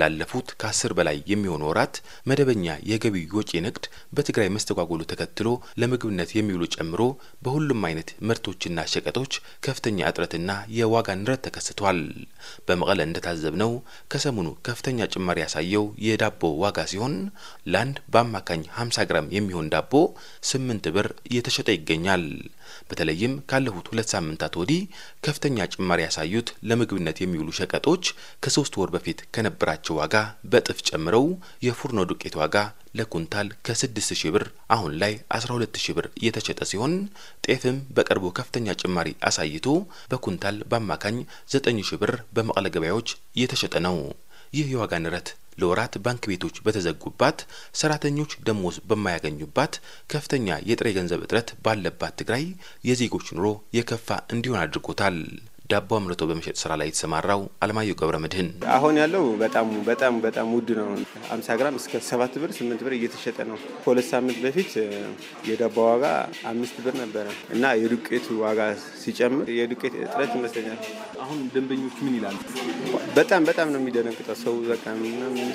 ላለፉት ከአስር በላይ የሚሆኑ ወራት መደበኛ የገቢ ወጪ ንግድ በትግራይ መስተጓጎሉ ተከትሎ ለምግብነት የሚውሉ ጨምሮ በሁሉም አይነት ምርቶችና ሸቀጦች ከፍተኛ እጥረትና የዋጋ ንረት ተከስቷል። በመቀለ እንደታዘብነው ከሰሞኑ ከፍተኛ ጭማሪ ያሳየው የዳቦ ዋጋ ሲሆን ለአንድ በአማካኝ 50 ግራም የሚሆን ዳቦ 8 ብር እየተሸጠ ይገኛል። በተለይም ካለፉት ሁለት ሳምንታት ወዲህ ከፍተኛ ጭማሪ ያሳዩት ለምግብነት የሚውሉ ሸቀጦች ከሶስት ወር በፊት ከነበራቸው የምርታቸው ዋጋ በእጥፍ ጨምረው የፉርኖ ዱቄት ዋጋ ለኩንታል ከ6000 ብር አሁን ላይ 12000 ብር እየተሸጠ ሲሆን ጤፍም በቅርቡ ከፍተኛ ጭማሪ አሳይቶ በኩንታል በአማካኝ 9000 ብር በመቀለ ገበያዎች እየተሸጠ ነው። ይህ የዋጋ ንረት ለወራት ባንክ ቤቶች በተዘጉባት፣ ሰራተኞች ደሞዝ በማያገኙባት፣ ከፍተኛ የጥሬ ገንዘብ እጥረት ባለባት ትግራይ የዜጎች ኑሮ የከፋ እንዲሆን አድርጎታል። ዳቦ አምርቶ በመሸጥ ስራ ላይ የተሰማራው አለማየሁ ገብረ መድህን አሁን ያለው በጣም በጣም በጣም ውድ ነው። አምሳ ግራም እስከ ሰባት ብር ስምንት ብር እየተሸጠ ነው። ከሁለት ሳምንት በፊት የዳቦ ዋጋ አምስት ብር ነበረ እና የዱቄቱ ዋጋ ሲጨምር የዱቄት እጥረት ይመስለኛል። አሁን ደንበኞች ምን ይላል? በጣም በጣም ነው የሚደነግጠው ሰው በቃ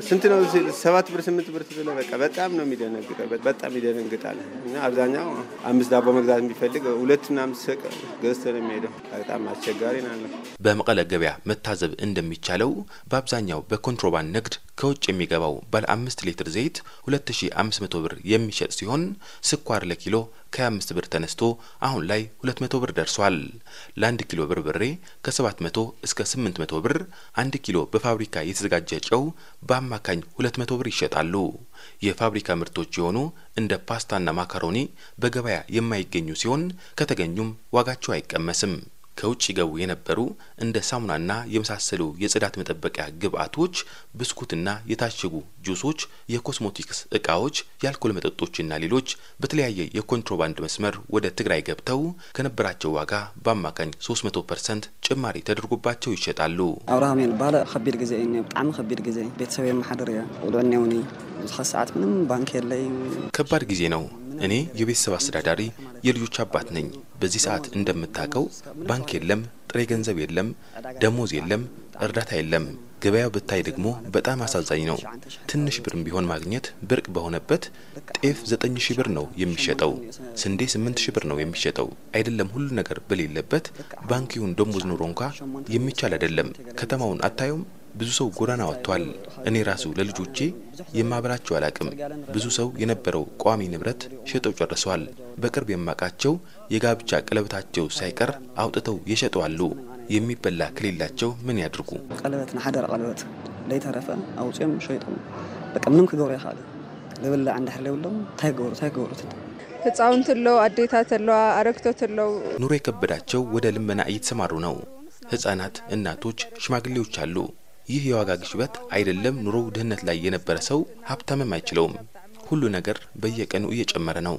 ስንት ነው ሰባት ብር ስምንት ብር ትብለ በቃ በጣም ነው የሚደነግጠው። በጣም ይደነግጣል እና አብዛኛው አምስት ዳቦ መግዛት የሚፈልግ ሁለትና አምስት ገዝተ ነው የሚሄደው። በጣም አስቸጋሪ በመቀለ ገበያ መታዘብ እንደሚቻለው በአብዛኛው በኮንትሮባንድ ንግድ ከውጭ የሚገባው ባለ አምስት ሊትር ዘይት 2500 ብር የሚሸጥ ሲሆን ስኳር ለኪሎ ከ25 ብር ተነስቶ አሁን ላይ 200 ብር ደርሷል። ለአንድ ኪሎ በርበሬ ከ700 እስከ 800 ብር፣ አንድ ኪሎ በፋብሪካ የተዘጋጀ ጨው በአማካኝ 200 ብር ይሸጣሉ። የፋብሪካ ምርቶች የሆኑ እንደ ፓስታና ማካሮኒ በገበያ የማይገኙ ሲሆን ከተገኙም ዋጋቸው አይቀመስም። ከውጭ ገቡ የነበሩ እንደ ሳሙናና የመሳሰሉ የጽዳት መጠበቂያ ግብአቶች፣ ብስኩትና የታሸጉ ጁሶች፣ የኮስሞቲክስ እቃዎች፣ የአልኮል መጠጦችና ሌሎች በተለያየ የኮንትሮባንድ መስመር ወደ ትግራይ ገብተው ከነበራቸው ዋጋ በአማካኝ 300 ፐርሰንት ጭማሪ ተደርጎባቸው ይሸጣሉ። አብርሃም ባለ ከቢድ ጊዜ ብጣዕሚ ከቢድ ጊዜ ቤተሰብ የመሓደር እያ ሰዓት ምንም ባንክ የለይ ከባድ ጊዜ ነው። እኔ የቤተሰብ አስተዳዳሪ፣ የልጆች አባት ነኝ። በዚህ ሰዓት እንደምታውቀው ባንክ የለም፣ ጥሬ ገንዘብ የለም፣ ደሞዝ የለም፣ እርዳታ የለም። ገበያው ብታይ ደግሞ በጣም አሳዛኝ ነው። ትንሽ ብርም ቢሆን ማግኘት ብርቅ በሆነበት ጤፍ ዘጠኝ ሺ ብር ነው የሚሸጠው፣ ስንዴ ስምንት ሺ ብር ነው የሚሸጠው። አይደለም ሁሉ ነገር በሌለበት ባንክ ይሁን ደሞዝ ኖሮ እንኳ የሚቻል አይደለም። ከተማውን አታዩም? ብዙ ሰው ጎዳና ወጥቷል። እኔ ራሱ ለልጆቼ የማበላቸው አላቅም። ብዙ ሰው የነበረው ቋሚ ንብረት ሸጠው ጨርሰዋል። በቅርብ የማውቃቸው የጋብቻ ቀለበታቸው ሳይቀር አውጥተው የሸጠው አሉ። የሚበላ ከሌላቸው ምን ያድርጉ? ቀለበት ንሓደር ቀለበት ለይተረፈ አውፅኦም ሸይጦም በቃ ምንም ክገብሩ ይኽእሉ ዝብላዕ እንድሕር ዘይብሎም እንታይ ክገብሩ እንታይ ህፃውንት ለው አዴታት ለዋ አረግቶት ለው ኑሮ የከበዳቸው ወደ ልመና እየተሰማሩ ነው። ህጻናት፣ እናቶች፣ ሽማግሌዎች አሉ። ይህ የዋጋ ግሽበት አይደለም ኑሮ ድህነት ላይ የነበረ ሰው ሀብታምም አይችለውም። ሁሉ ነገር በየቀኑ እየጨመረ ነው።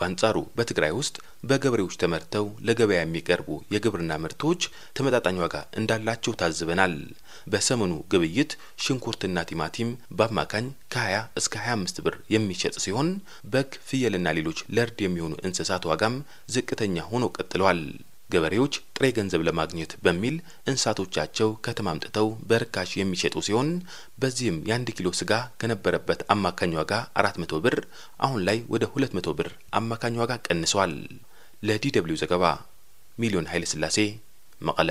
በአንጻሩ በትግራይ ውስጥ በገበሬዎች ተመርተው ለገበያ የሚቀርቡ የግብርና ምርቶች ተመጣጣኝ ዋጋ እንዳላቸው ታዝበናል። በሰሞኑ ግብይት ሽንኩርትና ቲማቲም በአማካኝ ከ20 እስከ 25 ብር የሚሸጥ ሲሆን በግ፣ ፍየልና ሌሎች ለእርድ የሚሆኑ እንስሳት ዋጋም ዝቅተኛ ሆኖ ቀጥለዋል። ገበሬዎች ጥሬ ገንዘብ ለማግኘት በሚል እንስሳቶቻቸው ከተማ አምጥተው በርካሽ የሚሸጡ ሲሆን በዚህም የአንድ ኪሎ ስጋ ከነበረበት አማካኝ ዋጋ 400 ብር አሁን ላይ ወደ 200 ብር አማካኝ ዋጋ ቀንሷል። ለዲ ደብልዩ ዘገባ ሚሊዮን ኃይለ ስላሴ መቀለ